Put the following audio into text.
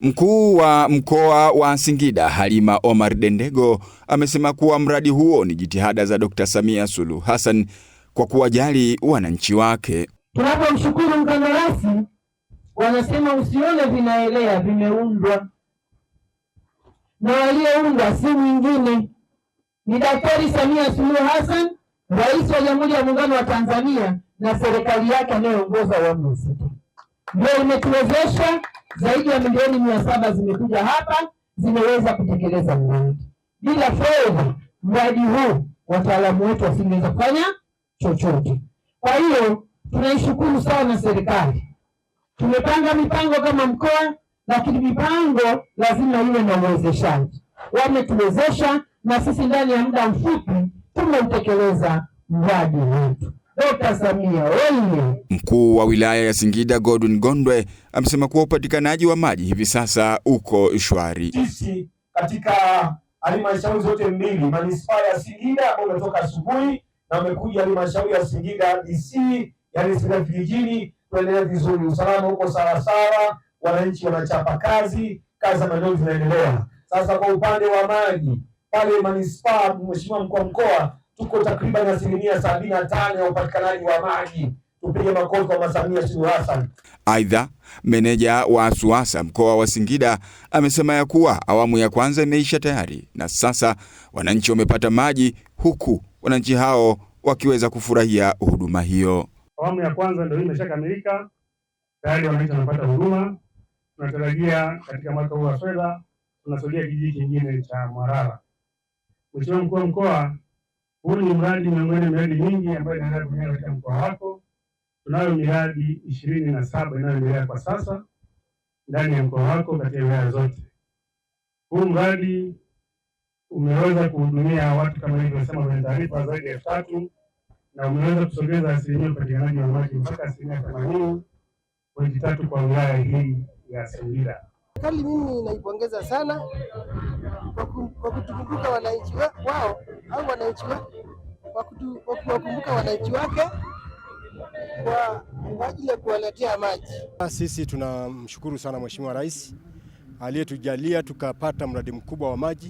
Mkuu wa mkoa wa Singida Halima Omar Dendego amesema kuwa mradi huo ni jitihada za Dr. Samia Suluhu Hassan kwa kuwajali wananchi wake. Tunapomshukuru mkandarasi, wanasema usione vinaelea, vimeundwa na walioundwa si mwingine ni Daktari Samia Suluhu Hassan, Rais wa Jamhuri ya Muungano wa Tanzania na serikali yake anayoongoza awamu ya sita, ndio imetuwezesha zaidi ya milioni mia saba zimekuja hapa zimeweza kutekeleza mradi. Bila fedha mradi huu wataalamu wetu wasingeweza kufanya chochote. Kwa hiyo tunaishukuru sana serikali. Tumepanga mipango kama mkoa, lakini mipango lazima iwe na uwezeshaji. Wametuwezesha na sisi ndani ya muda mfupi tumeutekeleza mradi wetu. Dr. Samia oye! Mkuu wa wilaya ya Singida Godwin Gondwe amesema kuwa upatikanaji wa maji hivi sasa uko shwari. Sisi katika halmashauri zote mbili, manispaa ya Singida ambao umetoka asubuhi na umekuja halmashauri ya Singida DC, yani Singida vijijini, tunaendelea vizuri, usalama uko sawasawa, wananchi wanachapa kazi, kazi za maendeleo zinaendelea. Sasa kwa upande wa maji pale manispaa, mheshimiwa mkuu wa mkoa tuko takriban asilimia sabini na tano ya upatikanaji wa maji. Tupige makofi kwa Samia Suluhu Hassan. Aidha, meneja wa suasa mkoa wa Singida amesema ya kuwa awamu ya kwanza imeisha tayari na sasa wananchi wamepata maji, huku wananchi hao wakiweza kufurahia huduma hiyo. Awamu ya kwanza ndio hii imeshakamilika tayari, wananchi wanapata huduma. Tunatarajia katika mwaka huu wa fedha tunasogea kijiji kingine cha Mwarara. Mheshimiwa mkuu wa mkoa huu ni mradi miongoni mwa miradi mingi ambayo inaendelea kufanyika katika mkoa wako. Tunayo miradi ishirini na saba inayoendelea kwa sasa ndani ya mkoa wako katika wilaya zote. Huu mradi umeweza kuhudumia watu kama nilivyosema kwenye taarifa zaidi ya elfu tatu na umeweza kusogeza asilimia upatikanaji wa maji mpaka asilimia themanini pointi tatu kwa wilaya hii ya Singida. Serikali mimi naipongeza sana kwa kutukumbuka wananchi wao au wananchi wake wakumbuka wananchi wake kwa ajili ya kuwaletea maji. Sisi tunamshukuru sana Mheshimiwa Rais aliyetujalia tukapata mradi mkubwa wa maji.